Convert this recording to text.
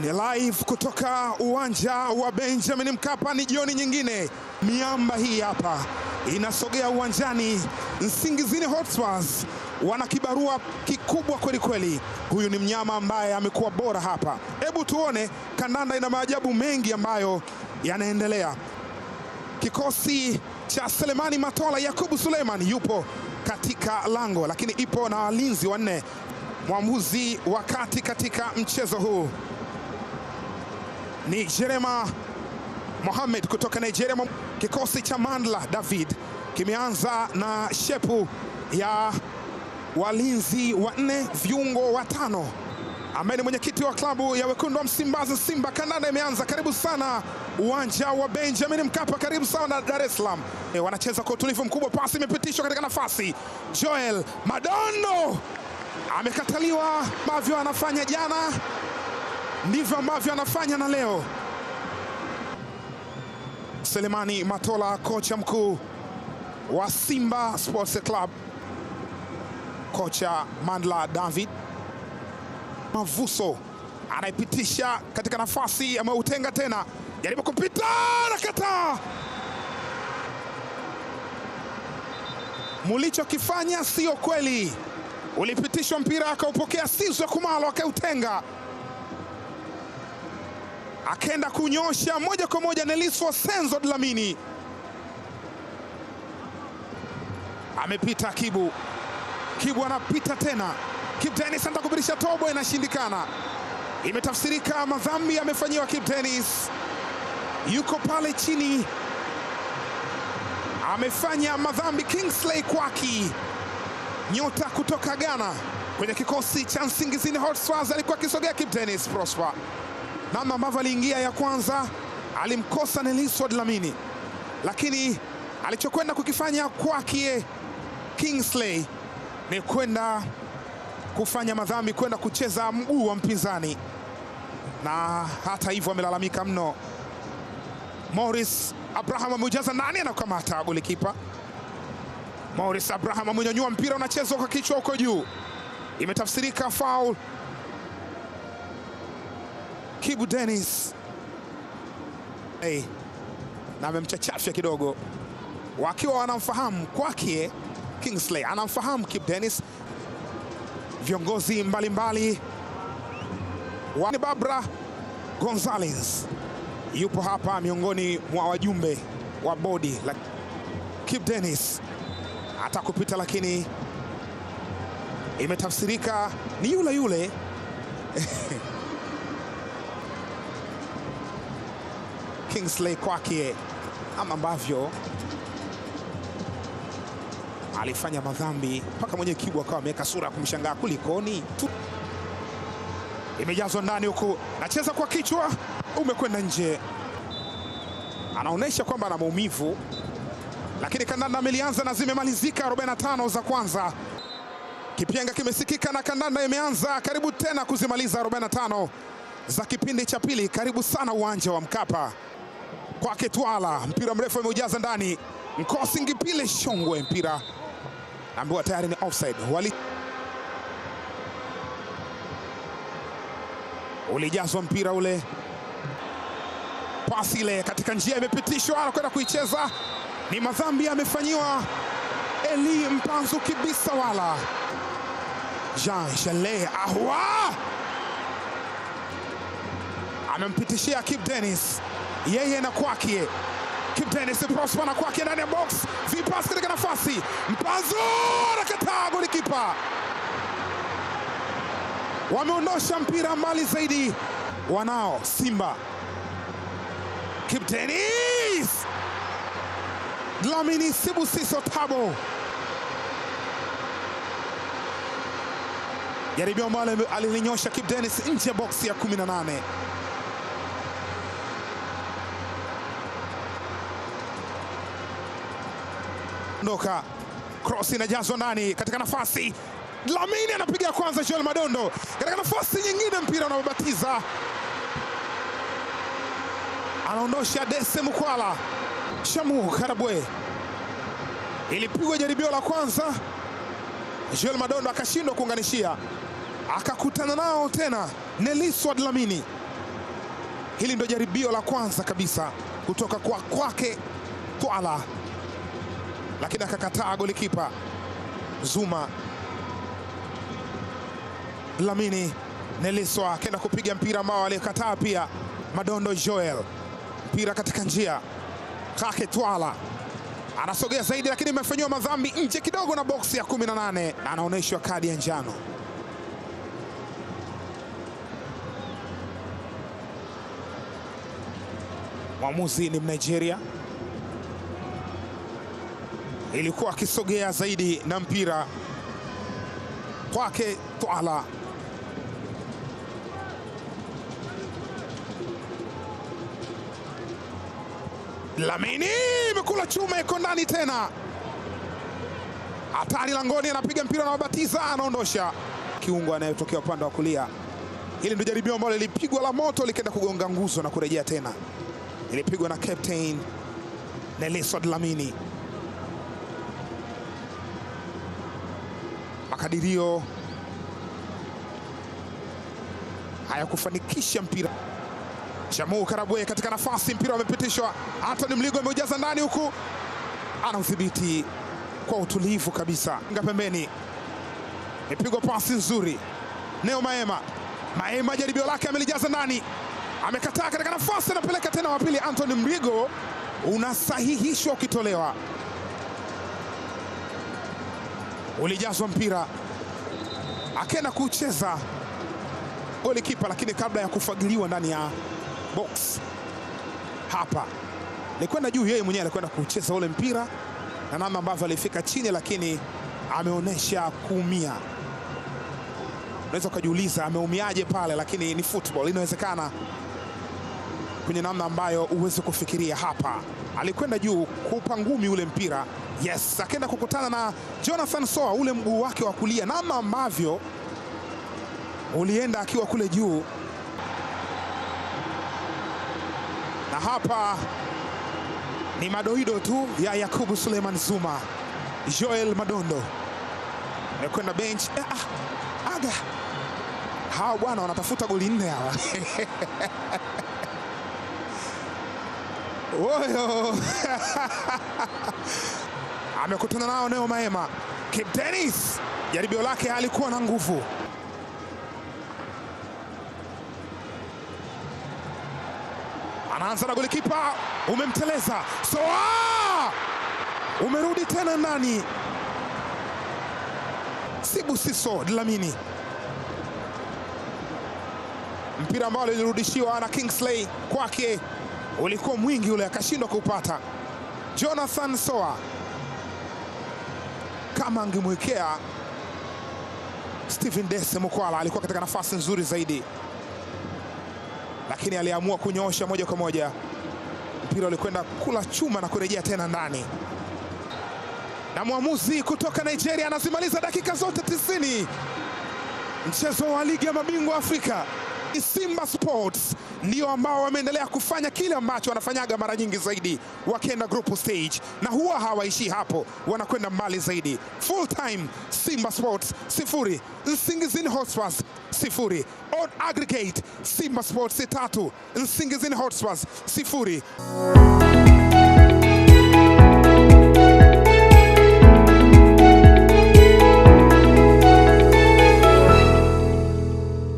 Ni live kutoka uwanja wa Benjamin Mkapa. Ni jioni nyingine, miamba hii hapa inasogea uwanjani. Nsingizini Hotspurs wana kibarua kikubwa kweli kweli. Huyu ni mnyama ambaye amekuwa bora hapa. Hebu tuone, kandanda ina maajabu mengi ambayo yanaendelea. Kikosi cha Selemani Matola, Yakubu Suleiman yupo katika lango, lakini ipo na walinzi wanne. Mwamuzi wa kati katika mchezo huu ni Jerema Mohamed kutoka Nigeria. Kikosi cha Mandla David kimeanza na shepu ya walinzi wanne, viungo watano, ambaye ni mwenyekiti wa klabu ya wekundu wa Msimbazi, Simba. Kandanda imeanza karibu sana uwanja wa Benjamin Mkapa, karibu sana Dar es Salaam. E, wanacheza kwa utulivu mkubwa. Pasi imepitishwa katika nafasi, Joel Madondo amekataliwa ambavyo anafanya jana ndivyo ambavyo anafanya na leo. Selemani Matola, kocha mkuu wa Simba Sports Club, kocha Mandla David Mavuso anaipitisha katika nafasi ameutenga tena, jaribu kupita, nakataa. Mulichokifanya sio kweli, ulipitishwa mpira akaupokea Sizwe Kumalo akautenga akenda kunyosha moja kwa moja Nelson Senzo Dlamini, amepita Kibu. Kibu anapita tena, Kip Dennis anataka kupitisha tobo, inashindikana. Imetafsirika madhambi amefanyiwa Kip Dennis, yuko pale chini, amefanya madhambi. Kingsley Kwaki, nyota kutoka Ghana kwenye kikosi cha Nsingizini Hot alikuwa akisogea Kip Dennis Prosper namna ambavyo aliingia ya kwanza alimkosa Nelson Dlamini, lakini alichokwenda kukifanya kwake Kingsley ni kwenda kufanya madhambi, kwenda kucheza mguu wa mpinzani, na hata hivyo amelalamika mno. Morris Abraham ameujaza nani, anakamata golikipa. Morris Abraham amenyanyua mpira, unachezwa kwa kichwa huko juu, imetafsirika foul. Kibu Dennis hey, na amemchachafya kidogo, wakiwa wanamfahamu kwake Kingsley anamfahamu Kibu Dennis, viongozi mbalimbali wa Barbara Gonzalez yupo hapa miongoni mwa wajumbe wa bodi la Kibu Dennis atakupita, lakini imetafsirika ni yule yule Kingsley kwake, ama ambavyo alifanya madhambi mpaka mwenye Kibwa akawa ameweka sura ya kumshangaa kulikoni. Imejazwa ndani huku, nacheza kwa kichwa, umekwenda nje. Anaonyesha kwamba ana maumivu, lakini kandanda amelianza na zimemalizika 45 za kwanza. Kipyenga kimesikika na kandanda imeanza, karibu tena kuzimaliza 45 za kipindi cha pili. Karibu sana uwanja wa Mkapa kwake Twala, mpira mrefu ameujaza ndani. Nkosi Ngipile Shongwe, mpira naambiwa tayari ni offside. Wali ulijazwa mpira ule, pasi ile katika njia imepitishwa, anakwenda kuicheza. Ni madhambi amefanyiwa Eli Mpanzu kibisa, wala Jean Shale ahwa amempitishia Kip Dennis yeye na kwake. Kibu Prosper na kwake ndani ya box, vipas katika nafasi, mpanzu anakataa, golikipa wameondosha mpira mbali zaidi. Wanao Simba, Kibu Denis Dlamini Sibusiso Tabo, jaribio ambalo alilinyosha Kibu nje ya boksi ya 18. Doka cross inajazwa ndani katika nafasi, Lamine anapiga kwanza, Joel Madondo katika nafasi nyingine, mpira unaobatiza anaondosha Dese Mukwala. Shamu Karabwe ilipigwa jaribio la kwanza, Joel Madondo akashindwa kuunganishia, akakutana nao tena neliswa Lamini. Hili ndo jaribio la kwanza kabisa kutoka kwa kwake Twala lakini akakataa golikipa Zuma. Lamini Neliswa akenda kupiga mpira ambao aliyokataa pia. Madondo Joel, mpira katika njia. Kake Twala anasogea zaidi, lakini imefanyiwa madhambi nje kidogo na boksi ya 18 na anaonyeshwa kadi ya njano. Mwamuzi ni Mnigeria ilikuwa akisogea zaidi na mpira kwake Twala Lamini imekula chuma, iko ndani tena, hatari langoni, anapiga mpira na Wabatiza, anaondosha kiungo anayetokea upande wa kulia. Hili ndio jaribio ambalo lilipigwa la moto, likaenda kugonga nguzo na kurejea tena, ilipigwa na captain Nelson Dlamini. makadirio hayakufanikisha mpira. Chamu Karabwe katika nafasi, mpira umepitishwa. Anthony Mligo ameujaza ndani, huku anaudhibiti kwa utulivu kabisa, nga pembeni, mipigwa pasi nzuri. Neo Maema, Maema jaribio lake amelijaza ndani, amekataa katika nafasi, anapeleka tena wapili. Anthony Mligo unasahihishwa ukitolewa ulijazwa mpira, akenda kucheza golikipa, lakini kabla ya kufagiliwa ndani ya box hapa ni kwenda juu, yeye mwenyewe alikwenda kucheza ule mpira na namna ambavyo alifika chini, lakini ameonyesha kuumia. Unaweza ukajiuliza ameumiaje pale, lakini ni football, inawezekana kwenye namna ambayo huwezi kufikiria. Hapa alikwenda juu kupa ngumi ule mpira, yes, akaenda kukutana na Jonathan Soa, ule mguu wake wa kulia, namna ambavyo ulienda akiwa kule juu, na hapa ni madoido tu ya Yakubu Suleiman Zuma. Joel Madondo amekwenda bench. Ah, ah aga hawa bwana wanatafuta goli nne hawa Oyo amekutana nao Neo Maema. Kip Dennis jaribio lake halikuwa na nguvu. Anaanza na golikipa, umemteleza soa, umerudi tena ndani. Sibusiso Dlamini, mpira ambao lilirudishiwa na Kingsley kwake ulikuwa mwingi ule, akashindwa kupata. Jonathan Soa kama angemwekea Stephen Dese Mukwala, alikuwa katika nafasi nzuri zaidi, lakini aliamua kunyoosha moja kwa moja. Mpira ulikwenda kula chuma na kurejea tena ndani, na mwamuzi kutoka Nigeria anazimaliza dakika zote tisini mchezo wa ligi ya mabingwa Afrika. Simba Sports ndio ambao wameendelea kufanya kile ambacho wanafanyaga mara nyingi zaidi, wakienda group stage, na huwa hawaishii hapo, wanakwenda mbali zaidi. Full time Simba Sports sifuri, Nsingizini Hotspurs sifuri. Odd aggregate Simba Sports tatu, Nsingizini Hotspurs sifuri.